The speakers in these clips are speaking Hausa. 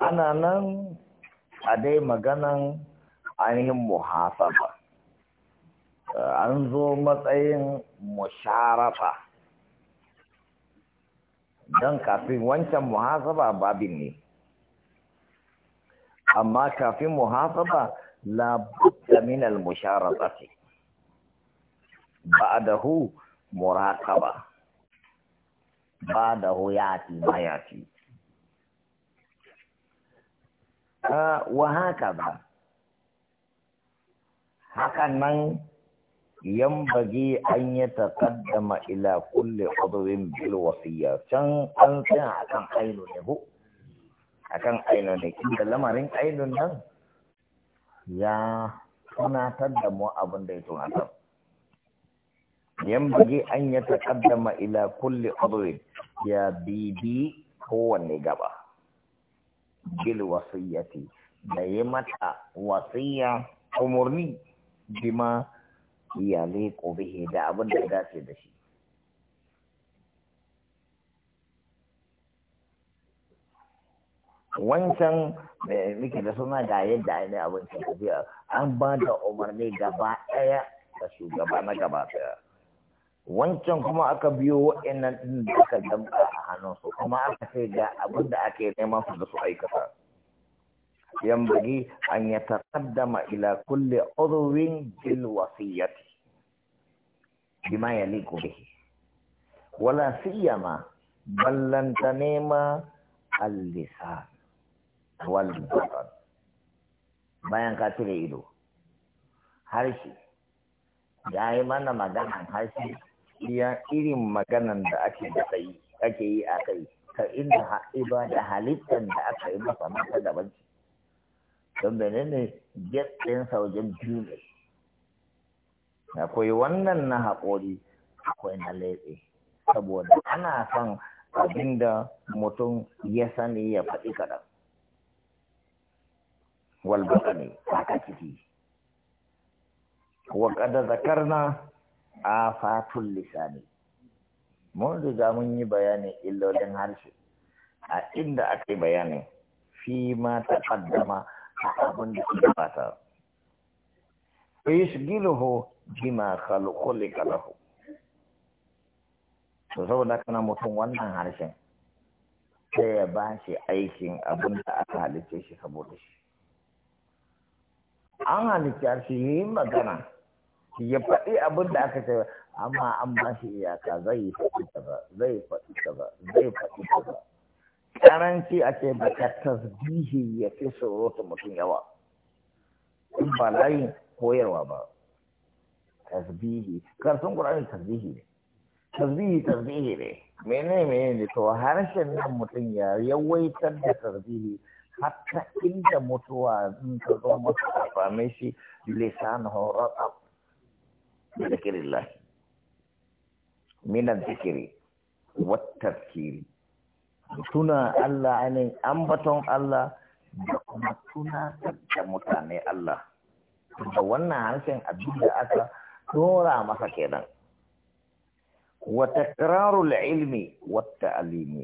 ana nan a dai maganan ainihin muhasaba an zo matsayin musharafa don kafin wancan muhasaba babin ne amma kafin muhasaba labudda min al-musharafati ba'dahu muraqaba ba'dahu yati ma yati wa haka ba hakan nan bage an yi taƙaddama ila kulle ƙudurin bil wasiya can an tsaya akan ainu ne ko akan ainu ne inda lamarin ainu nan ya tunatar da abin da ya tunatar yambagi an yi taƙaddama ila kulle ƙudurin ya bibi kowanne gaba bil wasiyati da yi mata wasiyya umurni bima iyalai ko da abin da dace da shi wancan muke da suna ga yadda ainihin abin tafiya an ba da umarni gaba daya da shugaba na gaba daya wancan kuma aka biyo wa'annan din da aka damɓa a su kuma aka sai ga abin da aka yi neman su da su aikata bugi an ya taqaddama ila kulli udwin bil wasiyati bima yaliku bihi wala siyama ballanta nema al lisan wal batan bayan ka tire ido harshe ya yi mana maganan harshe iya irin maganan da ake da kai ake yi a kai ta inda ha'iba da halittar da aka yi masa mata daban ce don menene ne ɗin saujen biyu akwai wannan na haƙori akwai na laifi saboda ana son abinda mutum ya sani ya faɗi kaɗan walbata ne ka ciki wa zakar na. afatul lisani mun riga mun yi bayanin illolin harshe a inda aka yi bayanin fi ma ta kaddama a abin da suka fata fa jima bima khalqa lahu to saboda kana mutum wannan harshen sai ya ba shi aikin abin da aka halice shi saboda shi an halice shi yi magana ya faɗi abin da aka ce amma an ba shi iyaka zai faɗi ta ba, zai faɗi ta ba, zai faɗi ta ba. karanci a ce baka tasbihi ya fi surutu mutum yawa in ba layin koyarwa ba tasbihi karsun qur'ani tasbihi ne tasbihi tasbihi ne mene mene ne to harshen nan mutum ya yawaitar da tasbihi hatta inda mutuwa in ka zo masa a same shi lisan horar بذكر zikiri من الذكر والتذكير tuna Allah ainihin ambaton Allah da kuma tunatar da mutane Allah da wannan harshen abin da aka tura masa kenan wa ilmi wata ta'limi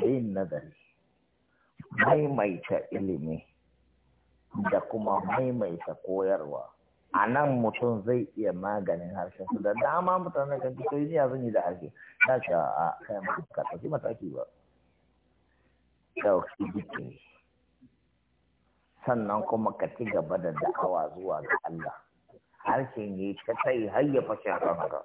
bin nazari maimaita ilimi da kuma maimaita koyarwa a nan mutum zai iya maganin harshen su da dama mutane kan kito yi ya zanyi da harshe ta ce a kai ma ka ɗauki mataki ba ɗauki duke sannan kuma ka ci gaba da da'awa zuwa ga Allah harshen ne ta sai har ya fashe a kan haka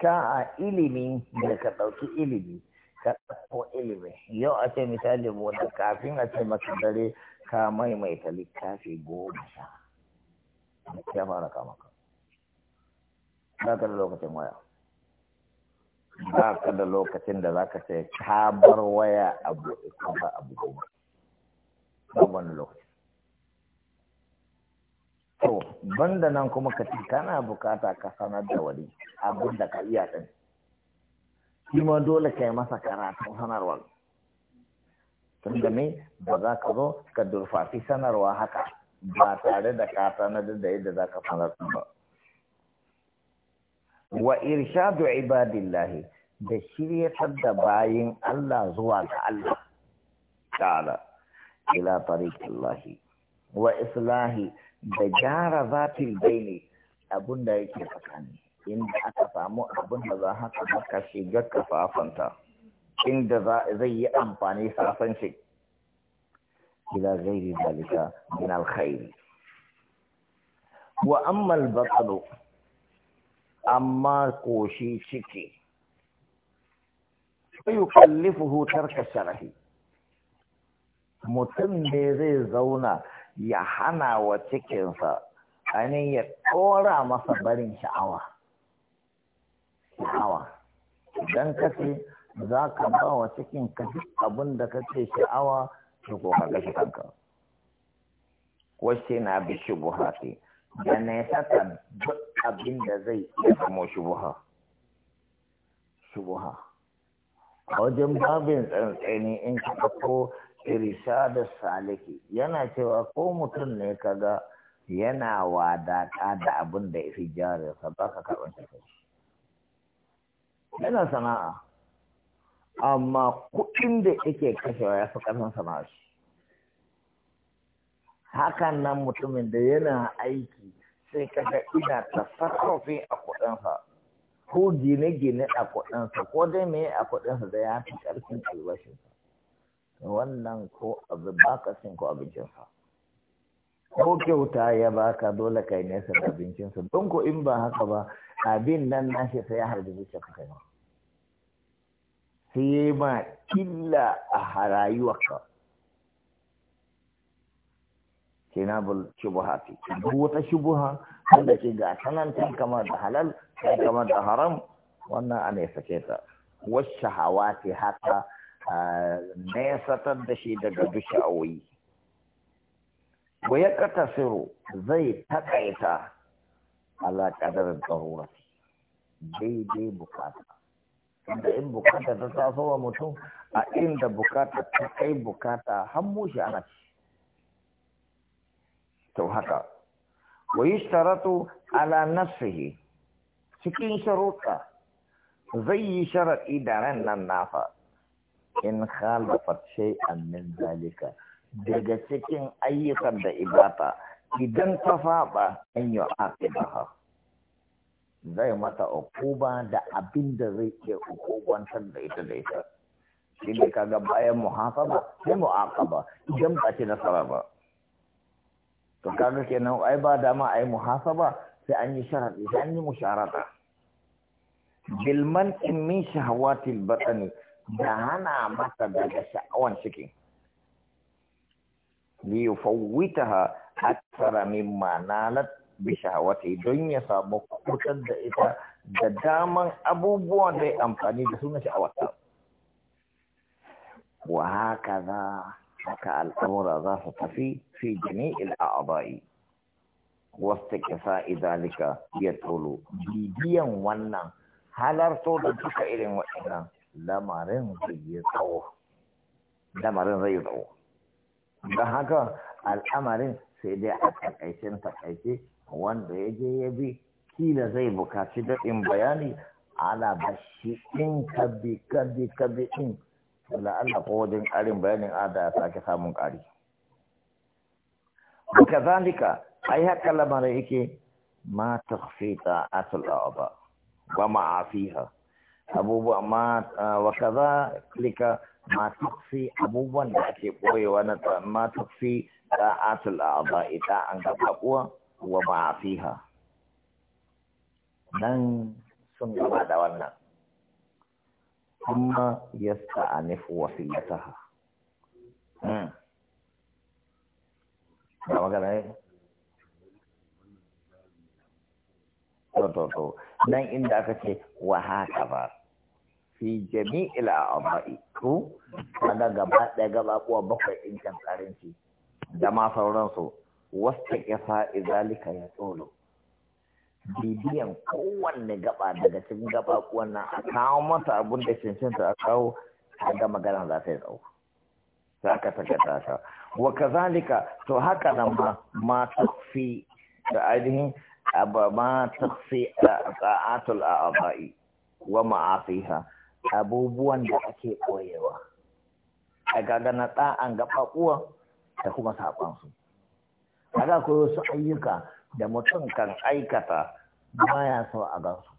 ka a ilimi da ka ɗauki ilimi ko ilimi yau a ce misali wanda kafin a ce maka dare ka maimaita littafi goma sha ya fara kama ka ba ka da lokacin waya ba ka da lokacin da za ka ce ka bar waya a buɗe ko ba a buɗe ba wani lokacin to banda nan kuma ka ce kana bukata ka sanar da wani abin da ka iya ɗin shi ma dole yi masa karatun sanarwar da me ba za ka zo ka durfafi sanarwa haka ba tare da na sanar da yadda za ka sanar ba wa irshadu ibadillahi da shiryatar da bayin Allah zuwa ga Allah ta'ala ila tariqillahi wa islahi da gyara zatil baini abinda yake tsakani inda aka samu abin da za haka maka ga kafafanta inda zai yi amfani safan shi ila ghairi dalika min alkhairi wa amma albatlu amma koshi ciki fuhutar ka sharahi mutum ne zai zauna ya hana wa cikinsa ainihin ya ɗora masa barin sha'awa sha'awa idan ka ce za ka ba wa cikin ka abin da ka ce sha'awa su ko ka gashi kanka wasu na bi buha ce da nesa ka duk abin da zai iya samo shubuha shubuha a wajen babin tsantsani in ka irisa da saliki yana cewa ko mutum ne kaga yana wadata da abin da ya fi jarinsa ba ka karɓar shi yana sana'a amma kuɗin da yake kashewa ya fi ƙarfin sana'a shi hakan nan mutumin da yana aiki sai kaga ina tasarrufi a kuɗinsa ko gine-gine a kuɗinsa ko dai me a kuɗinsa da ya fi ƙarfin albashinsa wannan ko abu baka sin ko abincinsa ko kyauta ya baka dole kai nesa da abincinsa don ko in ba haka ba abin nan nashi sai ya harbi zuciya sai ya yi ma illa a bul sinabul shubuhati duk wata shubuha wanda ke ga sanan ta kama da halal ta kama da haram wannan a nesa ce ta wasu hawa ce haka a nesatar da shi daga dusha ko ya kata siro zai takaita ala kadar tsarurati daidai bukata da in bukata ta taso wa mutum a inda bukata ta kai bukata har shi ana ci to haka wa sharatu ala nafsihi cikin sharuta zai yi sharaɗi da ran nan nafa in khalafat shay'an min zalika daga cikin ayyukan da ibata idan ta faɓa an yi aqibaha zai mata ukuba da abin da zai ke ukubantar da ita da ita shi ne kaga bayan muhafaba sai mu'aqaba idan ba ce nasara ba to kaga kenan ai ba dama ai muhasaba sai an yi sharadi sai an yi musharata bil man'i min shahawati al ba da hana mata daga sha'awan ciki li yufawwitaha akthara mimma nalat bi shahawati don ya samu kutar da ita da daman abubuwan da ya amfani da suna sha'awata wa haka za haka al'amura za su tafi fi Wasu a'abai wasta kisa idalika ya tolo bidiyan wannan halarto da duka irin waɗannan lamarin zai yi tsawo lamarin zai tsawo don haka al'amarin sai dai a takaicin takaice wanda ya je ya bi kila zai bukaci daɗin bayani ala bashi in kabi kabi kabi in wala Allah ko wajen ƙarin bayanin ada ya sake samun ƙari baka zalika ai haka lamarin yake ma takhfita asul ba fi ha. abubuwa ma wa za lika ma fi abubuwan da ake ɓoyewa na ma takhfi asalawa ba ita an gaba kuwa wa ma fiha nan sun gaba da wannan kuma yasta'anifu wasilataha hmm ga magana ne to to to nan inda aka ce wa haka ba fi a a'ma'i ko kaga gaba ɗaya gaba kuwa bakwai ɗin kan tsarin da ma sauransu wasta kafa zalika ya tsoro bibiyan kowanne gaba daga cikin gaba wannan a kawo mata abun da cincinta a kawo a ga magana za ta yi tsawo za ka gata ta wa zalika to haka nan ma ma fi da ainihin abu ma fi a a abai wa ma'afiha abubuwan da ake koyewa a gagana ɗa'an gaba uwa da kuma saɓansu kaga ku wasu ayyuka da mutum kan aikata baya so a gansu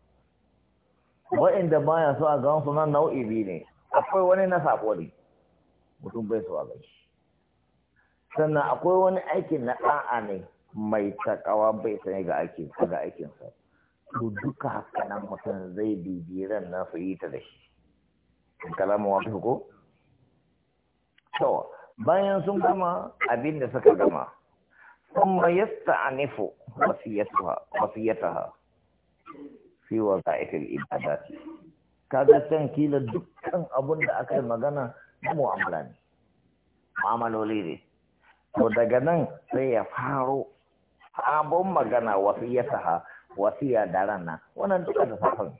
wa'inda baya so a gansu nan nau'i biyu ne akwai wani na sako ne mutum bai so a gansu sannan akwai wani aikin na ɗa'a ne mai takawa bai sani ga aikin ga aikinsa to duka haka nan mutum zai bibiyi ran nan su yi ta da shi kalamu wani ko to bayan sun gama abin da suka gama ثم يستعنف وصيتها وصيتها في وظائف العبادات kaga can kila dukkan abun da aka yi magana na mu'amala ne ne to daga nan sai ya faro abun magana wasiyataha wasiya da rana wanan duka da safan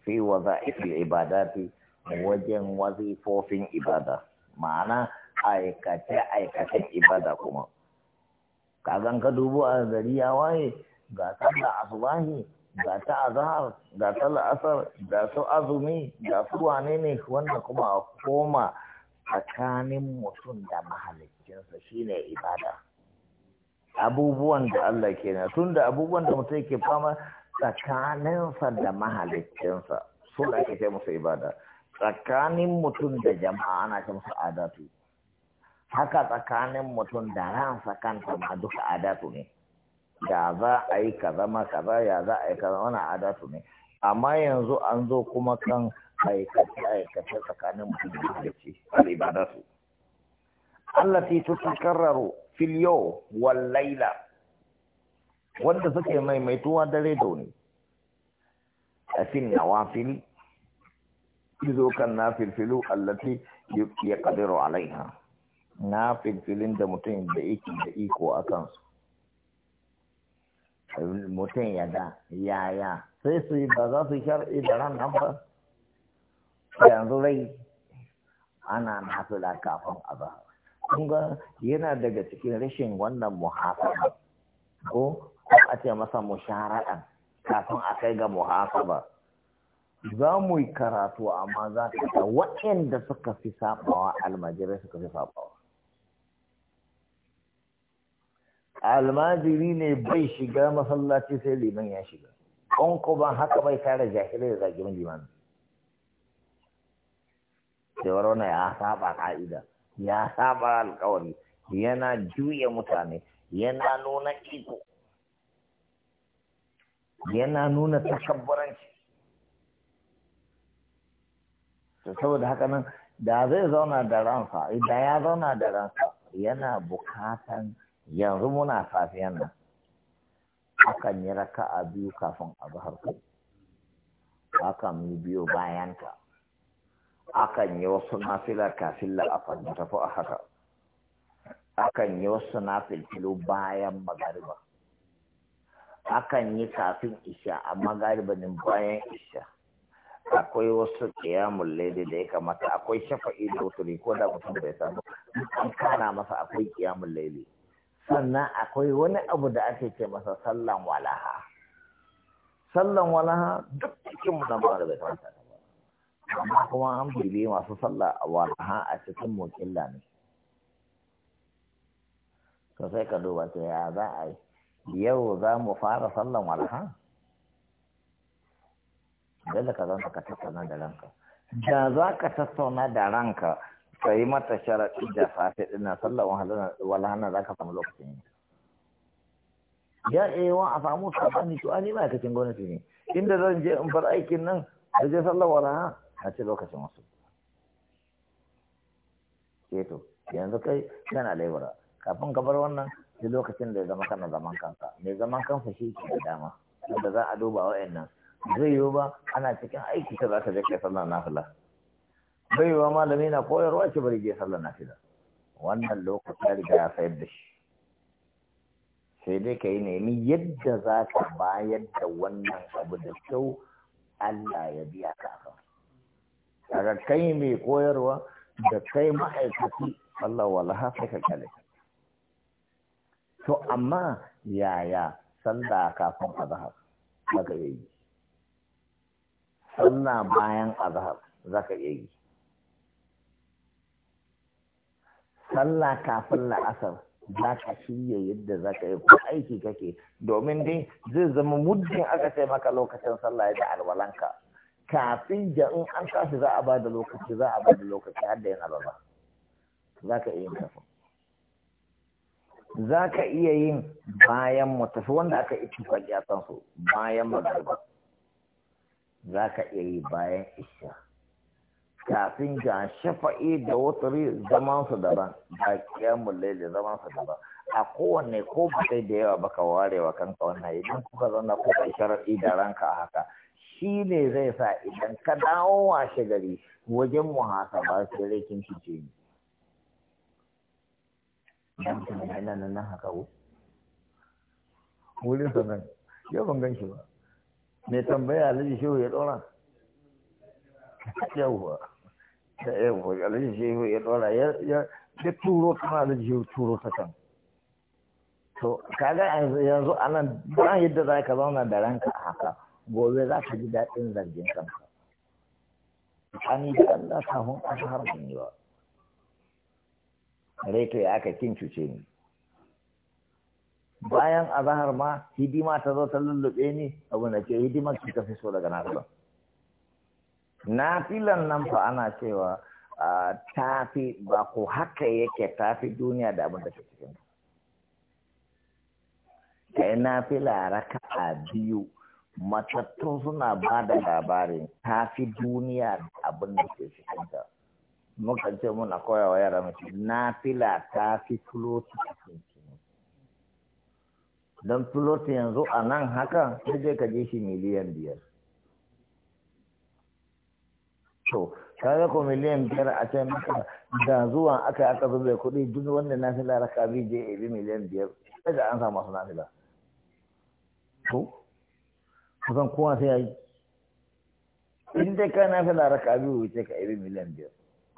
fi waza'ifil ibadati wajen wazifofin ibada ma'ana aikace-aikacen ibada kuma. Kagan ka dubu a gari ya waye ga sanda asubahi ga ta azhar ga ta la'asar ga su azumi ga su wane ne wannan kuma a koma tsakanin mutum da mahalicinsa shine ibada. Abubuwan da Allah ke na tun da abubuwan da mutum ke fama tsakaninsa da mahalicinsa su da ake ce musu ibada. Tsakanin mutum da jama'a ana ce musu adatu. haka tsakanin mutum da ransa kanta ma duka adatu ne da za a yi kaza ma kaza ya za a yi kaza wani adatu ne amma yanzu an zo kuma kan aikace aikace tsakanin mutum da ce Allah allati tutakarraru fil yau wal laila wanda suke maimaituwa dare da wuni a fin nawafil izo kan nafilfilu allati ya kadiru alaiha na filfilin da mutum da yake da iko a kansu mutum ya da yaya sai su yi ba za su shar'i da ran nan ba yanzu rai ana nafila kafin a ba kunga yana daga cikin rashin wannan muhasaba ko a ce masa musharaɗan kafin a kai ga muhasaba za mu yi karatu amma za ka ga waɗanda suka fi sabawa almajirai suka fi sabawa almajiri ne bai shiga masallaci sai liman ya shiga on ko ban haka bai tare jahilai da zagin liman cewar ya saba ka'ida ya saba alkawari yana juya mutane yana nuna iko yana nuna takabbaranci saboda haka nan da zai zauna da ransa idan ya zauna da ransa yana bukatan yanzu muna safiya nan akan yi raka a biyu kafin a zuhar ku akan yi biyu bayanta akan yi wasu nafila kafin la'afar da tafi a haka akan yi wasu nafilfilo bayan magariba akan yi kafin isha a magariba magaribanin bayan isha akwai wasu kiyamun laidai da ya kamata akwai shafa'i da wasu ko da mutum bai samu an kana masa akwai kiyamun laidai sannan akwai wani abu da ake ce masa sallan walaha sallan walaha duk cikin mu nan ba da bai amma kuma an bibi masu salla walaha a cikin mu killa ne to sai ka duba ta ya za a yi yau za mu fara sallan walaha dole ka zanta ka tattauna da ranka da za ka tattauna da ranka ka yi mata sharaɗi da safe na wala walhana za ka samu lokacin yi ya eh, wa a samu sabani to ani ma'aikacin gwamnati ne inda zan je in bar aikin nan da je sallar walhana a ce lokacin wasu keto yanzu kai kana laibara kafin ka bar wannan shi lokacin da ya zama kana zaman kanka mai zaman kansa shi ke da dama wanda za a duba wayannan. zai yiwu ba ana cikin aiki ta za ka je kai sallar nafila baiwa malami na koyarwa ce bari je sallar nafila wannan lokacin ya riga ya sayar da shi sai dai ka yi nemi yadda za ka bayar da wannan abu da kyau Allah ya biya ka kan daga kai mai koyarwa da kai ma'aikaci Allah Wala sai ka kyale to amma yaya sanda kafin azhar za ka yi sallah bayan azhar zaka ka yi sallah kafin la'asar za ka shirya yadda za ka yi ko aiki kake domin dai zai zama muddin aka ce maka lokacin sallah ya da alwalanka kafin da in an kashi za a ba da lokaci za a ba da lokaci har da yin alwala za ka iya yin kafin za ka iya yin bayan matafi wanda aka yi ya san su bayan magariba za ka iya yi bayan isha kafin ga shafa'i da wutari zaman su daban ga kiyamun laili zaman su daban a kowanne ko ba sai da yawa baka warewa kanka wannan idan kuka ko kuka sharaɗi da ranka haka shi ne zai sa idan ka dawo washe gari wajen muhasaba sai dai kin fice ni dan kin yana nan haka ko wurin sanan yau ban gan shi ba Mai tambaya Alhaji ya dora yawwa da yawwa alhaji shi ya dora ya turo tana da jihu turo ta kan to kaga yanzu anan ba yadda za ka zauna da ranka a haka gobe za ka ji daɗin zargin kanka an da Allah kafin an har ban yi ba reto ya aka kin cuce ni bayan azahar ma hidima ta zo ta lullube ni abu na ce hidimar ki ka fi so daga nasarar nafilan nan fa ana cewa tafi ba ko haka yake tafi duniya da abin da ke cikin kai nafila a biyu matattun suna ba da labarin tafi duniya da abin da ke cikin ta muka ce muna koyawa yara mace nafila tafi filoti cikin don filoti yanzu a nan hakan sai ka ji shi miliyan biyar to kaga ko miliyan biyar a can maka da zuwa aka aka zube kuɗi duk wanda na fi laraka bi je bi miliyan biyar daga an samu masu nafila to kusan kowa sai ya yi in dai ka nafi laraka bi wuce ka bi miliyan biyar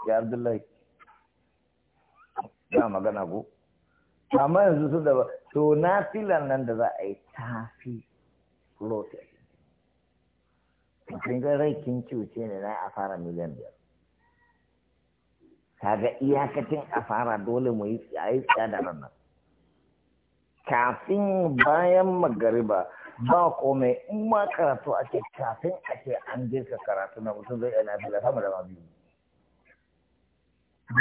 ya abdullahi ya magana ko amma yanzu su da to nafilan nan da za a yi tafi lotus kin ga rai kin cuce ne na a fara miliyan biyar kaga iyakacin a fara dole mu yi tsaye tsaya da nan kafin bayan magariba ba komai in ma karatu a ce kafin a ce an ka karatu na mutum zai yana fila sama da mabi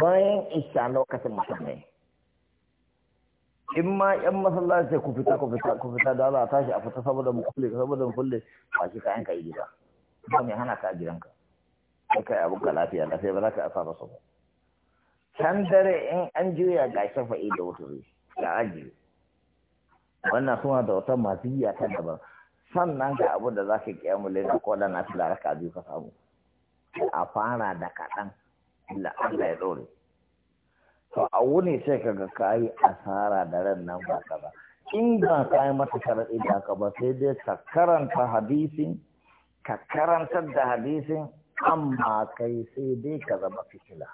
bayan isa lokacin mutum ne in ma yan masallaci ku fita ku fita ku fita da Allah tashi a fita saboda mu kulle saboda mu kulle ba shi ka yanka yi gida ba mai hana ka a gidanka sai kai abin ka lafiya da sai ba za ka asa ba ba can dare in an juya ga shafa'i da wuturi ga ajiye wannan suna da wata maziyya ta daban sannan ga abun da za ka mu lena ko da na fila raka biyu ka samu a fara da kaɗan illa Allah ya ɗore to a wuni sai ka ga kayi asara da ran nan ba ka ba in ba ka yi mata sharaɗi da ka ba sai dai ka karanta hadisin ka karantar da hadisin amma kai sai dai ka zama fitila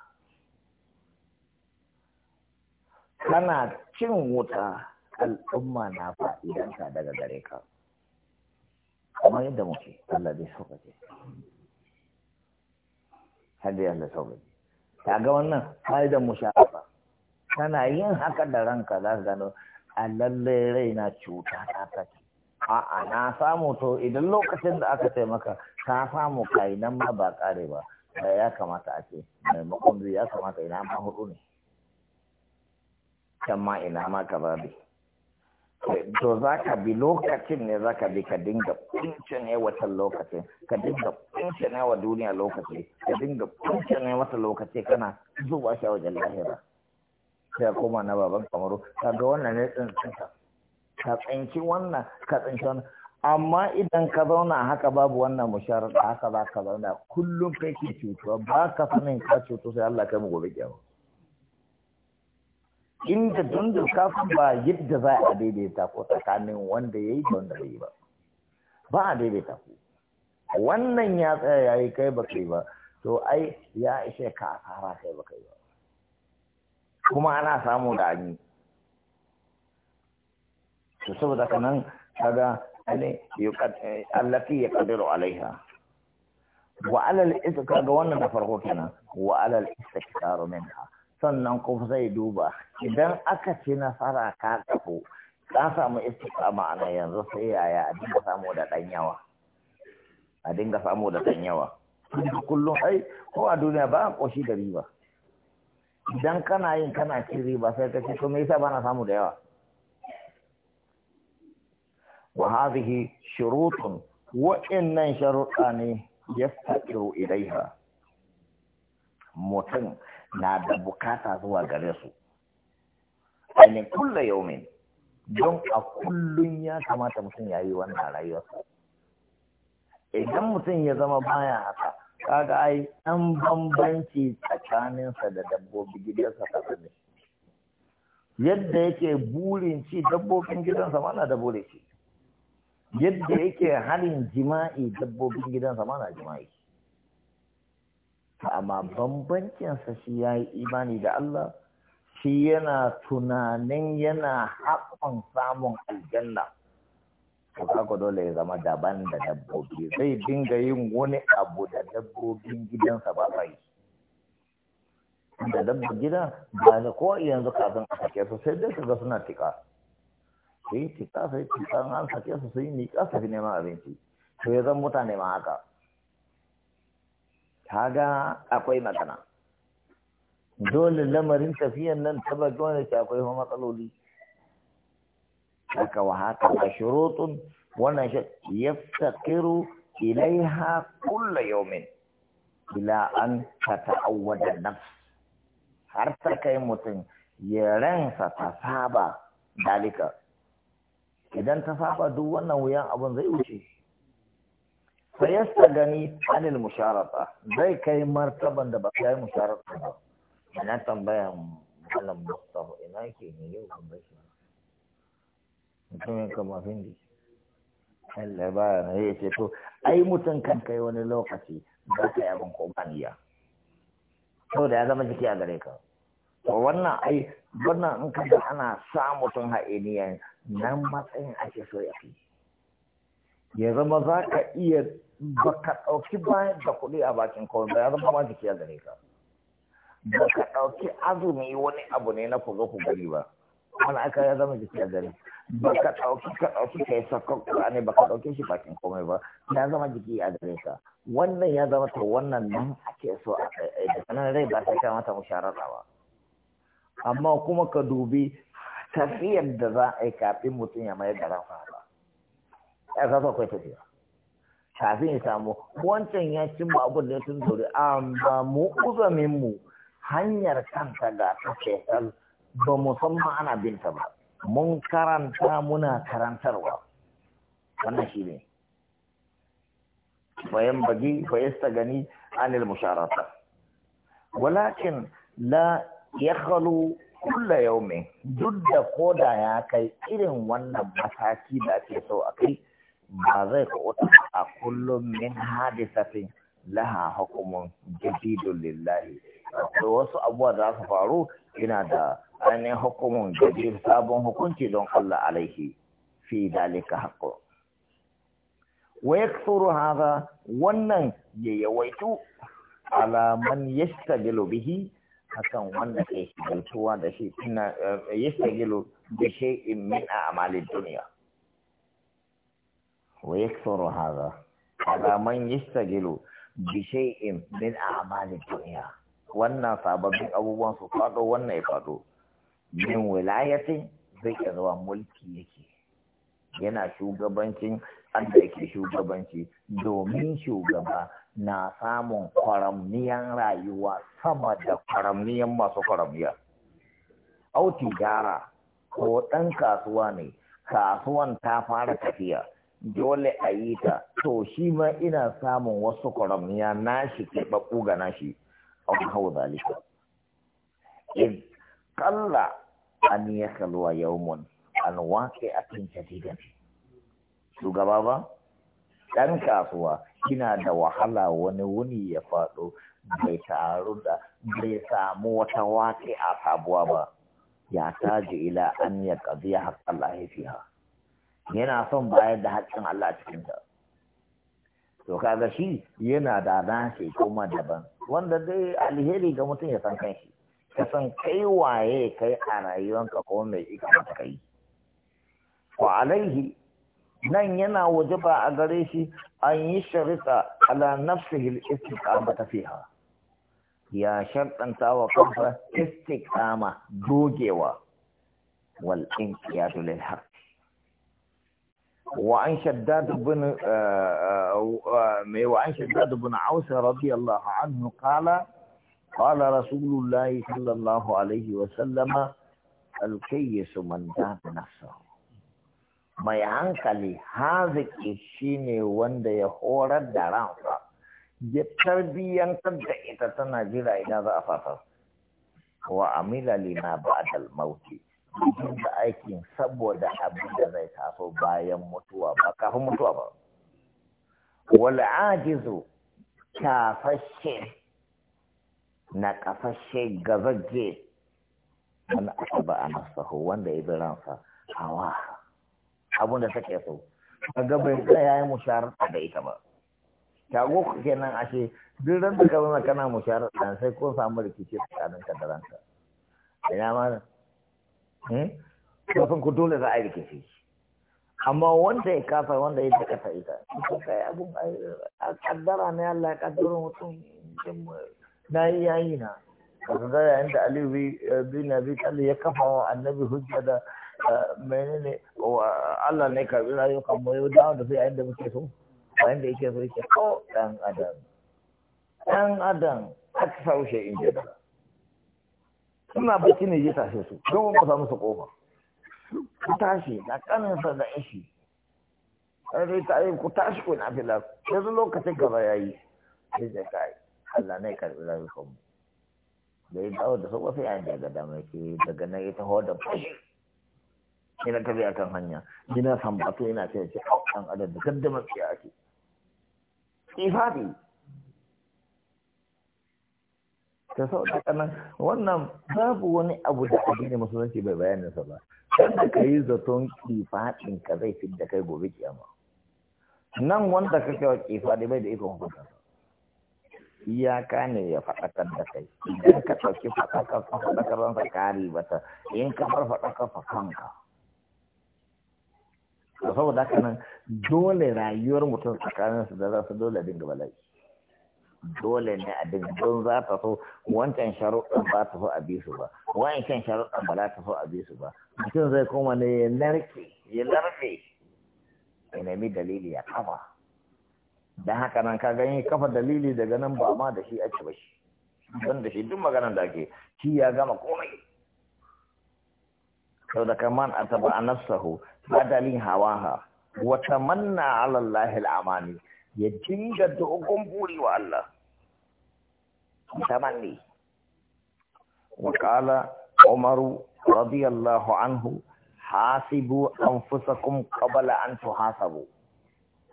kana cin wuta al'umma na fa'idanka daga gare ka kamar yadda muke Allah zai sauƙaƙe hadi Allah sauƙaƙe ta ga wannan fa'idan musharaba kana yin haka da ranka za ka gano a lallai raina cuta ta ta a'a na samu to idan lokacin da aka ce maka ka samu kai nan ma ba kare ba ya kamata a ce mai biyu ya kamata ina ma hudu ne can ma ina ma ka ba to za ka bi lokacin ne za ka bi ka dinga kunce ne wata lokacin ka dinga kunce ne wa duniya lokaci ka dinga kunce ne wata lokaci kana zuwa shi a wajen lahira sai kuma na baban kamaru ka ga wannan ne tsinsinsa ka tsinci wannan ka tsinci wannan amma idan ka zauna haka babu wannan musharar haka za ka zauna kullum kai ke cutuwa ba ka sanin ka cutu sai Allah kai mu gobe kyau inda dundu kafin ba yadda za a daidaita ko tsakanin wanda ya yi da wanda bai yi ba ba a daidaita ku wannan ya tsaya ya yi kai ba kai ba to ai ya ishe ka asara kai ba kai ba kuma ana samu da to saboda kanan kaga ne eh, allati ya kadiru alaiha wa alal istikar ga wannan da farko kenan wa alal istikar minha sannan kuma zai duba idan aka ci nasara ka tafi ka samu istiqama ana yanzu sai yaya a dinga samu da dan yawa a dinga samu da dan yawa kullum ai ko a duniya ba a koshi da riba idan kana yin kana kiri riba sai ka ce to me yasa ba na samu da yawa wa hadhihi shurutun wa'annan sharuɗa ne yastaqiru ilaiha mutum na da bukata zuwa gare su ainihin kulla yaumin don a kullun ya kamata mutum ya yi wannan rayuwarsa idan mutum ya zama baya haka kaga ai ɗan bambanci tsakaninsa da dabbobin gidansa kaɗan ne yadda yake burin ci dabbobin gidansa mana da burin ci yadda yake halin jima'i dabbobin gidansa ma na jima'i amma bambancinsa shi ya yi imani da Allah shi yana tunanin yana haƙon samun aljanna to kaga dole ya zama daban da dabbobi zai dinga yin wani abu da dabbobin gidansa ba sai da dabbobin gidan ba ko yanzu kafin a sake su sai dai su ga suna tika su yi citta su yi citta an sake su su yi neman abinci to ya zan mutane ma haka kaga akwai magana dole lamarin tafiyan nan ta baki wanda ke akwai kuma matsaloli haka wa haka a shurutun wannan shi yaftaqiru ilaiha kulla yawmin ila an tata'awwada nafs har ta kai mutum ya ransa ta saba dalika idan ta saba duk wannan wuyan abun zai wuce fayasta gani anil musharata zai kai martaban da ba ya yi musharata ba ina tambaya malam mustafa ina ke ne yau kan bai shi mutumin kama findi Allah ba na ya ce to ai mutum kan kai wani lokaci ba ka yi abin to da ya zama jiki a gare ka to wannan ai bana in da ana sa mutum ha'iniya nan matsayin ake so ya fi ya zama za ka iya baka ɗauki bayan da kuɗi a bakin kawai ba ya zama ma jiki a gare ka ba ka ɗauki azumi wani abu ne na kuzo ku gari ba wani aka ya zama jiki a gare ba ka ɗauki ka ɗauki ka yi sakon ƙur'ani ba ka shi bakin komai ba ya zama jiki a gare ka wannan ya zama ta wannan nan ake so a tsaye eh, eh, da kanan rai ba ta kama ta mushararra ba. amma kuma ka dubi tafiyar da za a yi kafin mutum ya mai da fara. ba ya zafa akwai tafiya kafin ya samu wancan ya ci mu abin da ya tun dore amma mu uzamin mu hanyar kanta ga ta ba musamman ana binta ba mun karanta muna karantarwa wannan shi ne bayan bagi bayasta gani anil musharata walakin la ya halu kulla yaumin duk da koda ya kai irin wannan mataki da ake so a kai ba zai kuɓuta a kullum min hadisatin laha hukumun jadidu lillahi to wasu abubuwa da su faru yana da ainihin hukumun jadid sabon hukunci don Allah alaihi fi dalika haqqo wa yaksuru hadha wannan ya yawaitu ala man yastajilu bihi kasan wanda ke shigaltuwa da shi tuna eh, yastagilu bi shay'in min a'malid dunya wa yakthuru hadha ala man yastagilu bi shay'in min a'malid duniya wannan sababbin abubuwan su fado wannan ya fado min wilayatin zai iya zuwa mulki yake yana shugabancin da yake shugabanci domin shugaba na samun kwaramniyan rayuwa sama da kwaramniyan masu kwaramniya. Auti gara ko ɗan kasuwa ne, kasuwan ta fara tafiya, dole a yi ta, to shi ma ina samun wasu kwaramniya nashi keɓaɓɓu ga nashi, an hau zalika. In kalla an ya kalwa mun, an waƙe a jadidan. Shugaba ba? ɗan kasuwa kina da wahala wani wuni ya faɗo bai taru da bai samu wata wace a sabuwa ba ya ji ila an ya ƙazi ya haƙƙa lahifiya yana son bayar da haƙƙin Allah cikin ta to kaga shi yana da nashi kuma daban wanda dai alheri ga mutum ya san shi, ka san kai waye kai a rayuwanka ko mai ika kai wa alaihi nan yana wajaba a gare shi an yi sharita ala nafsihi al-istiqamata fiha ya shartanta wa kafa istiqama dogewa wal inqiyadu lil haqq an shaddad ibn wa an shaddad ibn رضي الله anhu qala قال رسول الله صلى الله عليه وسلم الكيس من دان نفسه mai hankali haziki shine wanda ya horar da ransa ya tarbiyyantar da ita tana jira idan za a fasa wa amila lima ba'dal mauti cikin da aikin saboda abin da zai taso bayan mutuwa ba kafin mutuwa ba wal ajizu kafashe na kafashe gazage wani asaba a nasahu wanda ya bi ransa hawa abun da take so kaga bai tsaya ya musharata da ita ba shago ku kenan ashe duk ran da ka zama kana musharata sai ko samu rikici tsakanin ka da ranka ina ma eh kafin ku dole za a rikici amma wanda ya kafa wanda ya ta ita ita kai abun a kaddara ne Allah ya kaddara mutum na yi yayi na kaga yayin da Ali eh, bin Abi Talib ya kafa wa Annabi hujja da menene Allah ne karbi rayukan mu yau da sai yayin da muke so A yanda yake so yake ko dan adam dan adam aka sa shi in jada suna bacci ne ya tashe su don ba samu su kofa ku tashi da sa da ishi sai ta yi ku tashi ku na fila yanzu lokacin gaba ya yi sai da kai Allah ne karbi rayukan mu da ya dawo da sauwa sai yayin da ya ga dama yake daga nan ya taho da fashi ina tafi a kan hanya ina sambato ina ce ce an adam da kadda matsiya ake ifadi ta sau da kanan wannan babu wani abu da masu zanci bai bayanin sa ba wanda ka yi zaton kifadin ka zai fi da kai gobe kiyama nan wanda ka kewa kifadi bai da ikon hukunta iyaka ne ya faɗakar da kai idan ka ɗauki faɗakar faɗakar ransa kari bata in ka bar faɗakar fa kanka to saboda haka nan dole rayuwar mutum tsakanin su da za su dole dinga bala'i dole ne a dinga don za ta so wancan sharuɗin ba ta so a bi su ba wancan sharuɗin ba za ta so a bi su ba mutum zai koma ne ya narke ya larfe ya nemi dalili ya kafa don haka nan ka gani kafa dalili daga nan ba ma da shi ake ba shi don da shi duk maganar da ake shi ya gama komai sau da kaman a taba a nafsahu badalin hawaha wata manna alallahi al'amani ya dinga dogon buri wa Allah tamanni wa qala umaru radiyallahu anhu hasibu anfusakum qabla an tuhasabu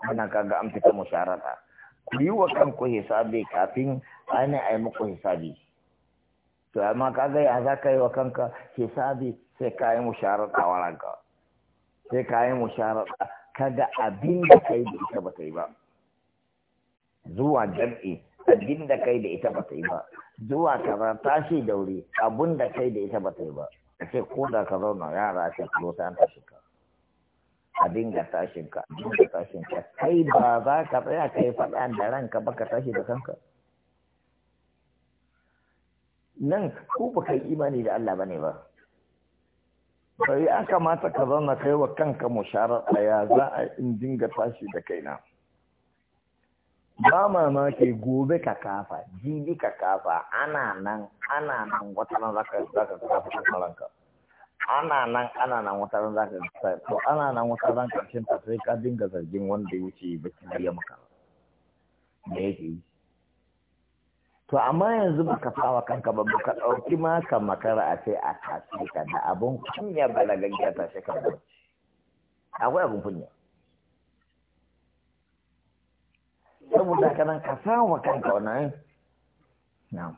Kana kaga an fita musharata ku yi wa kanku hisabi kafin ainihin ai muku hisabi to amma kaga ya za ka yi wa kanka hisabi sai ka yi musharar a waranka sai ka yi musharata kada abin da ka yi da ita ba ta yi ba zuwa jam'i abin da yi da ita ba ta yi ba zuwa kaza tashi da wuri abin da yi da ita ba ta yi ba a ce ko da ka zauna yara ce kilo ta an tashi ka a dinga tashin ka a dinga tashin ka kai ba za ka tsaya kai faɗa da ranka ba ka tashi da kanka nan ko ba kai imani da Allah ba ne ba to ya kamata ka zauna kai wa kanka musharar ya za a in dinga tashi da kaina ba mamaki gobe ka kafa jibi ka kafa ana nan ana nan wata nan zaka zaka kafa kan ranka ana nan ana nan wata ran zaka ga to ana nan wata ran karshen ta sai ka dinga zargin wanda ya wuce ba ki biya maka me yake yi to amma yanzu baka fawa kanka ba baka ɗauki ma ka makara a sai a tafi ka da abun kunya balagaggiya ta shi kan akwai abun kunya saboda kanan ka fawa kanka wannan eh? na'am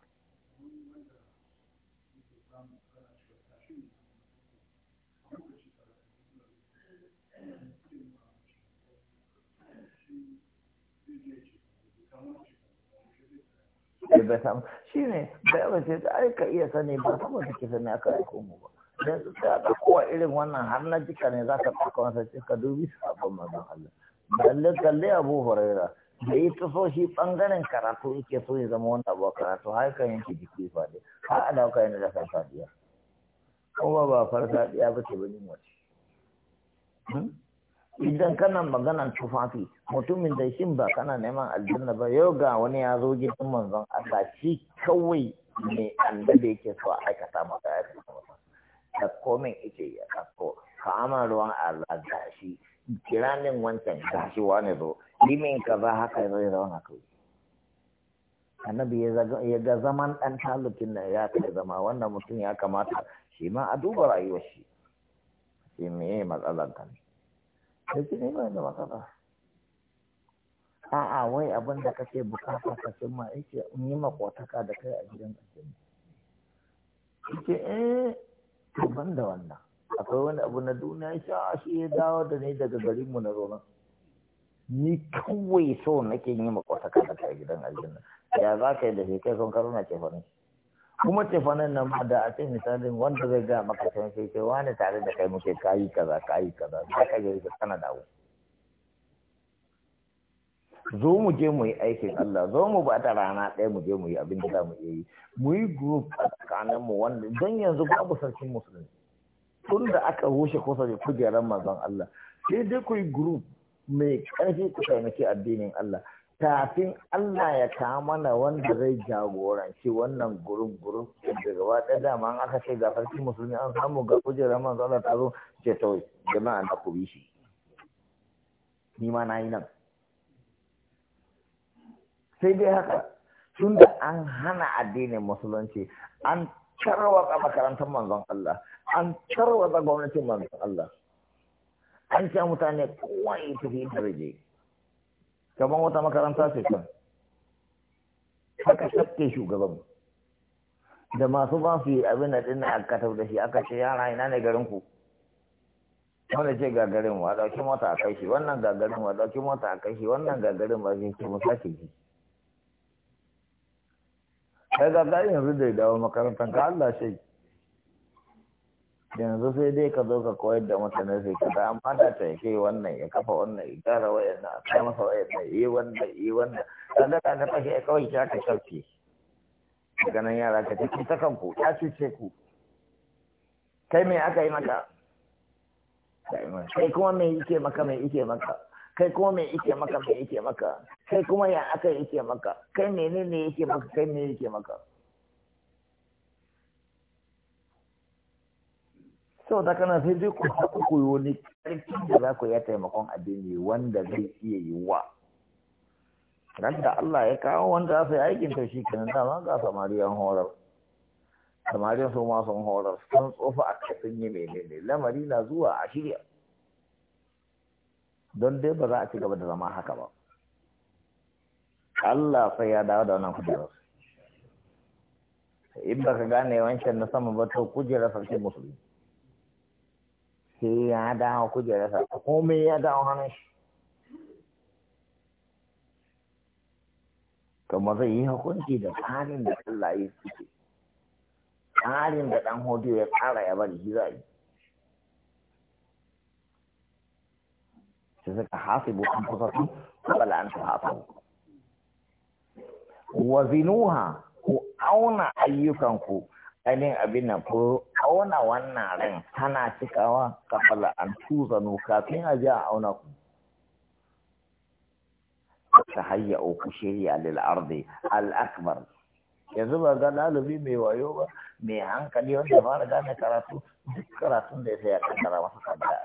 ya bai samu shi ne da ce ta aika iya sani ba saboda kisa ne aka aiko mu ba dan su ta da kowa irin wannan har na jika ne zaka ɗauka wasa ce ka dubi sabon mazan Allah balle kalle Abu Huraira da yi ta so shi ɓangaren karatu yake so ya zama wani abu karatu har kan yanke jiki ne har a dauka yana da farfadiya kuma ba farfadiya ba ce ba ni mace hmm? idan kana maganan tufafi mutumin da shin ba kana neman aljanna ba yau ga wani ya zo gidan manzon Allah shi kawai ne annabi yake so a aikata masa ya fi da komen yake ya kasko ka amana ruwan Allah gashi shi min wancan shi wani zo limin ka ba haka zai zauna kai annabi ya ga zaman dan talibin nan ya kai zama wannan mutum ya kamata shi ma a duba rayuwar shi shi me matsalar ka ne da jini bai da ba? a'a wai abin da kake bukata ka cin ma yake in kotaka da kai a gidan kake yake eh abin da wannan akwai wani abu na duniya ya sha ah, shi ya dawo da ni daga garin mu na zonan ni kawai so nake yi kotaka da kai a gidan aljanna ya za ka yi da shi kai son karuna na ce fa ne kuma cefanen nan ma da a ce misalin wanda zai ga maka can sai ce wani tare da kai muke kayi kaza kayi kaza za ka yi da kana dawo zo mu je mu yi aikin Allah zo mu ba ta rana ɗaya mu je mu yi abin da za mu iya yi mu yi group a tsakanin mu wanda don yanzu babu sarkin musulmi tun da aka rushe kusa da kujerar manzon Allah sai dai ku yi group mai ƙarfi ku taimaki addinin Allah kafin Allah ya kawo mana wanda zai jagoranci wannan gurup gurup da gaba ɗaya dama aka ce ga sarki musulmi an samu ga kujerar manzo Allah ta zo ce to jama'a na ku ni ma na yi nan sai dai haka tun da an hana addinin musulunci an tarwatsa makarantar manzon Allah an tarwatsa gwamnatin manzon Allah an ce mutane kowa ya tafi da rage gaban wata makaranta ce kan haka sabke shugaban da masu ba su yi abin da dinna a katau da shi aka ce yara ina ne garin ku wanda ce gagarin wa dauki mota a kai shi wannan gagarin wa dauki mota a kai shi wannan gagarin ba zai ce mu ce shi kai gagarin yanzu da ya dawo makarantar ka Allah shi yanzu sai dai ka zo ka koyar da mutane sai ka da amma da ta yake wannan ya kafa wannan ya gara wayan na kai masa wayan na yi wannan yi wannan dan da ka tashi ya kawai ka ka sauke ganin yara ka ce ta kanku ya cuce ku kai me aka yi maka kai kuma me yake maka me yake maka kai kuma me yake maka me yake maka kai kuma ya aka yake maka kai menene yake maka kai me yake maka sau da kana sai dai ku haku ku yi wani ƙarfin da za ku iya taimakon addini wanda zai iya yi wa ran da Allah ya kawo wanda za su yi aikin ta shi kenan dama ga samariyan horar samariyan su ma sun horar sun tsofa a sun yi menene lamari na zuwa a shirya don dai ba za a ci gaba da zama haka ba Allah sai ya dawo da wannan kujerar in baka gane wancan na sama ba to kujerar sarkin musulmi sai ya dawo kujerarsa komai ya dawo hannun shi kuma zai yi hukunci da tsarin da Allah ya suke tsarin da ɗan hoto ya tsara ya bari shi zai sai suka hasibu an kusa su kabala an tuhasa wa ku auna ayyukanku ainihin abin nan ko auna wannan ran tana cikawa kafala an tuzanu kafin a ji a auna ku ta hayya ku shirya lil ardi al akbar yanzu ba ga ɗalibi mai wayo ba mai hankali wanda ba riga na karatu duk karatun da ya sai ya kankara masa tambaya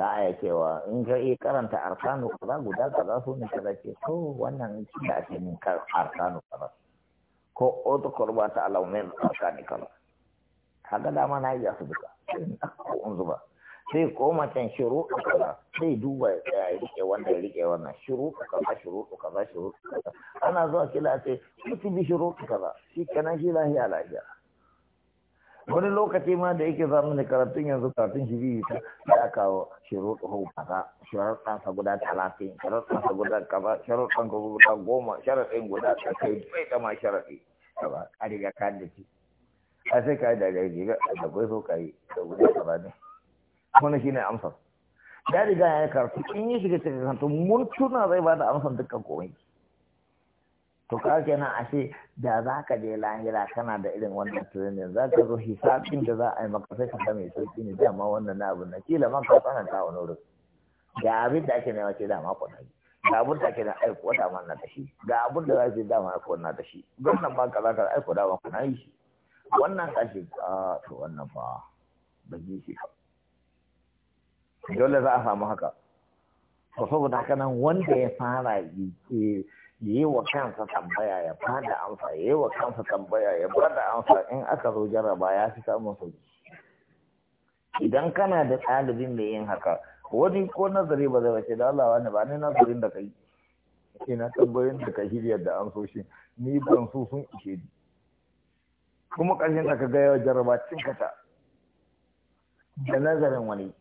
da a cewa in ka iya karanta arkanu kaza guda kaza su ne kaza ke to wannan shi da ake min arkanu kaza ko udkur korba ta alaunin akani kala kaga dama na yi su duka ko in zuba sai koma can shiru kala sai duba ya tsaya ya rike wanda ya rike wannan shiru a shiru a shiru ana zuwa kila ce mutum bi shiru kala shi kana shi lahiya lahiya wani lokaci ma da yake zamu da karatun yanzu karatun shi biyu ta ya kawo wa hau kaza shuruɗan sa guda talatin shuruɗan sa guda kaza shuruɗan sa guda goma sharaɗin guda ta kai bai kama sharaɗi ba a riga ka da shi a sai ka yi da gaji da kwai so ka yi da guda kaza ne wani ne amsar ya riga ya yi karatu in yi shiga cikin mun tuna zai ba da amsar dukkan komai to ka kenan ashe da za ka je lahira kana da irin wannan training za ka zo hisabin da za a yi maka sai ka ga mai sauki ne dama wannan na abin na kila man ka ta wani wurin ga abin da ake nema ce dama ku na ga abin da ake na aiko man na da shi ga abin da za su yi dama aiko na da shi wannan ba ka za ka aiko da ku na yi shi wannan ka shi a to wannan fa ba ji shi dole za a samu haka to saboda haka nan wanda ya fara yi eh, yi wa kansa tambaya ya bada amsa yi wa kansa tambaya ya bada amsa in aka zo jaraba ya fi samun sauki idan kana da ɗalibin mai yin haka wani ko nazari ba zai wace da Allah wani ba ni nazarin da kai ina tambayoyin da ka hiriyar da an so shi ni ban so sun ishe ni kuma ƙarshen ka ga yawa jaraba cinkata da nazarin wani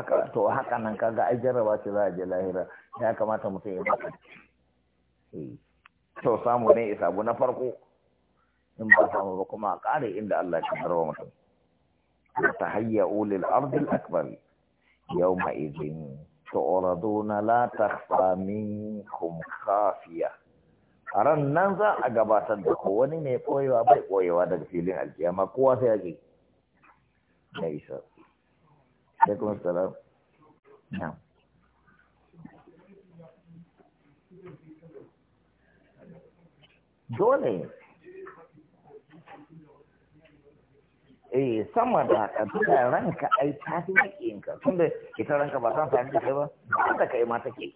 haka to haka nan kaga ai jarraba ce za a je lahira ya kamata mutum ya baka eh. to samu ne isa bu na farko in ba samu ba kuma a ƙare inda Allah ya karba mutum ta hayya ulil ardil akbar yau ma To tu'raduna la takhfa minkum khafiya a nan za a gabatar da ko wani mai koyewa bai koyewa daga filin aljiyama kowa sai ya ji ya isa alaikum salam na'am dole eh sama da haka tunda ranka ai ta fi makiyinka tunda ita ranka ba san sami kai ba ba ta kai ma take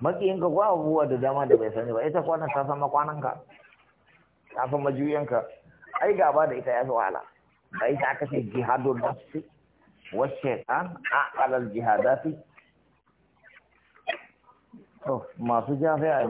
makiyinka ko abubuwa da dama da bai sani ba ita kwanan ta san makwananka ta san majuyanka ai gaba da ita ya fi wahala ba ita aka ce jihadun nafsi والشيطان أعقل الجهادات to masu jami'a